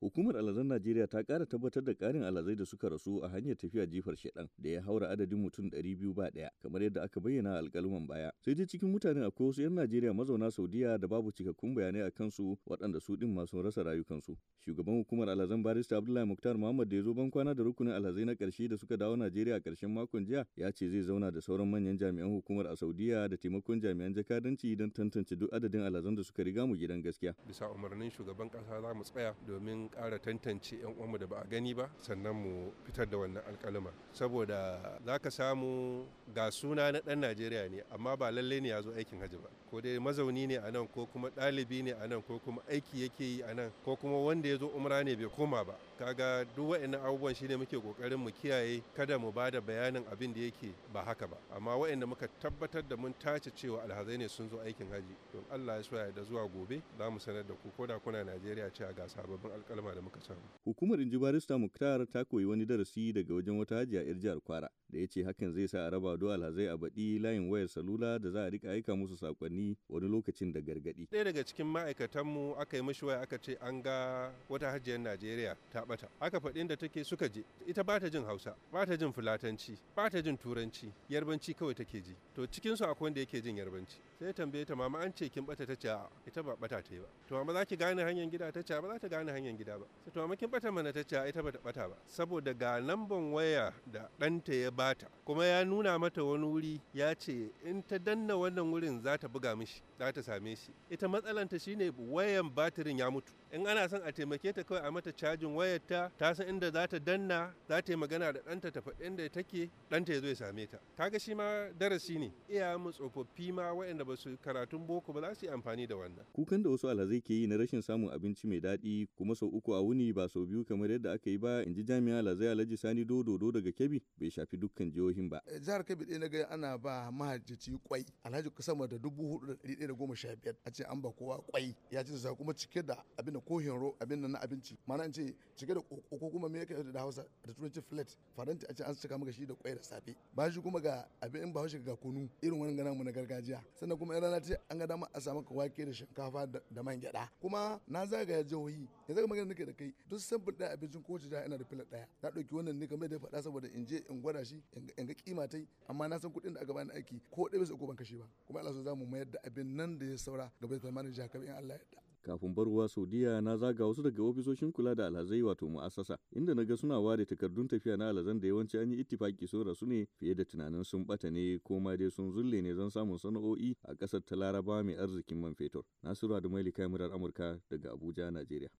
Hukumar Alazan Najeriya ta kara tabbatar da ƙarin alazai da suka rasu a hanyar tafiya jifar shedan da ya haura adadin mutum ɗari biyu ba ɗaya kamar yadda aka bayyana a alƙaluman baya. Sai dai cikin mutanen akwai wasu 'yan Najeriya mazauna Saudiya da babu cikakkun bayanai a kansu waɗanda su ɗin masu rasa rayukansu. Shugaban hukumar Alazan Barista Abdullahi Muktar Muhammad da ya zo ban kwana da rukunin alazai na ƙarshe da suka dawo Najeriya a ƙarshen makon jiya ya ce zai zauna da sauran manyan jami'an hukumar a Saudiya da taimakon jami'an jakadanci don tantance duk adadin alazan da suka riga mu gidan gaskiya. Bisa umarnin shugaban ƙasa za mu tsaya domin ƙara tantance 'yan uwanmu da ba a gani ba sannan mu fitar da wannan alƙaluma saboda za ka samu ga suna na ɗan najeriya ne amma ba lallai ne ya zo aikin hajji ba ko dai mazauni ne a nan ko kuma ɗalibi ne a nan ko kuma aiki yake yi a nan ko kuma wanda ya zo umra ne bai koma ba kaga duk wa'annan abubuwan shine muke ƙoƙarin mu kiyaye kada mu bada bayanin abin da yake ba haka ba amma waɗanda muka tabbatar da mun tace cewa alhazai ne sun zo aikin hajji don Allah ya so ya da zuwa gobe za mu sanar da ku ko da kuna Najeriya cewa ga sababbin alƙalama kalma da muka samu. Hukumar Inji Barista Muktar ta koyi wani darasi daga wajen wata hajiya 'yar jihar Kwara da ya ce hakan zai sa a raba duwa alhazai a baɗi layin wayar salula da za a rika aika musu sakonni wani lokacin da gargaɗi. Ɗaya daga cikin ma'aikatanmu aka yi mashi waya aka ce an ga wata hajjiyar Najeriya ta ɓata. Aka faɗi da take suka je. Ita ba ta jin Hausa, ba ta jin Fulatanci, ba ta jin Turanci, Yarbanci kawai take ji. To cikinsu akwai wanda yake jin Yarbanci. Sai tambaye ta mama an ce kin ɓata ta ce ita ba ɓata ta yi ba. To mama za ki gane hanyar gida ta ce ba za ta gane hanyar gida ba. Sai to mama kin ɓata mana ta ce ita ba ta ɓata ba. Saboda ga lambar waya da ɗanta ya ba bata kuma ya nuna mata wani wuri ya ce in ta danna wannan wurin za ta buga mishi za ta same shi ita matsalanta shine wayan batirin ya mutu in ana son a taimake ta kawai a mata cajin wayar ta ta san inda za ta danna za ta yi magana da ɗanta ta faɗi inda take ɗanta ya zo ya same ta kaga shi ma darasi ne iya mu tsofaffi ma waɗanda ba su karatun boko ba za su yi amfani da wannan kukan da wasu alhazai ke yi na rashin samun abinci mai daɗi kuma sau uku a wuni ba sau biyu kamar yadda aka yi ba in ji jami'a alhazai alhaji sani dodo daga kebi bai shafi duk dukkan jihohin ba. Eh, jihar Kebbi ɗaya na gani ana ba mahajjaci kwai alhaji sama da dubu hudu da ɗari ɗaya da goma sha biyar a ce an ba kowa kwai ya ce sa kuma cike da abin da kohin ro abin na abinci mana an ce cike da ko kuma me yake da Hausa da turanci flat faranti a ce an cika maka shi da kwai da safe ba shi kuma ga abin in ba hausa ga kunu irin wani gana mu na gargajiya sannan kuma rana ce an ga dama a samu ka wake da shinkafa da man gyada kuma na zagaya jihohi ya zaga magana nake da kai duk sabbin da abincin kowace jiha ina da filet daya na ɗauki wannan ne kamar da ya faɗa saboda in je in gwada shi kashi in ga kima tai amma na san kuɗin da aka bani aiki ko ɗaya bisa uku ban kashe ba kuma Allah so za mu mayar da abin nan da ya saura gaba da tsammanin jihar in Allah ya kafin barwa saudiya na zaga wasu daga ofisoshin kula da alhazai wato mu'assasa inda na ga suna ware takardun tafiya na alhazan da yawanci an yi ittifaki sun su ne fiye da tunanin sun bata ne ko ma dai sun zulle ne don samun sana'o'i a kasar ta laraba mai arzikin man fetur nasiru da maili amurka daga abuja najeriya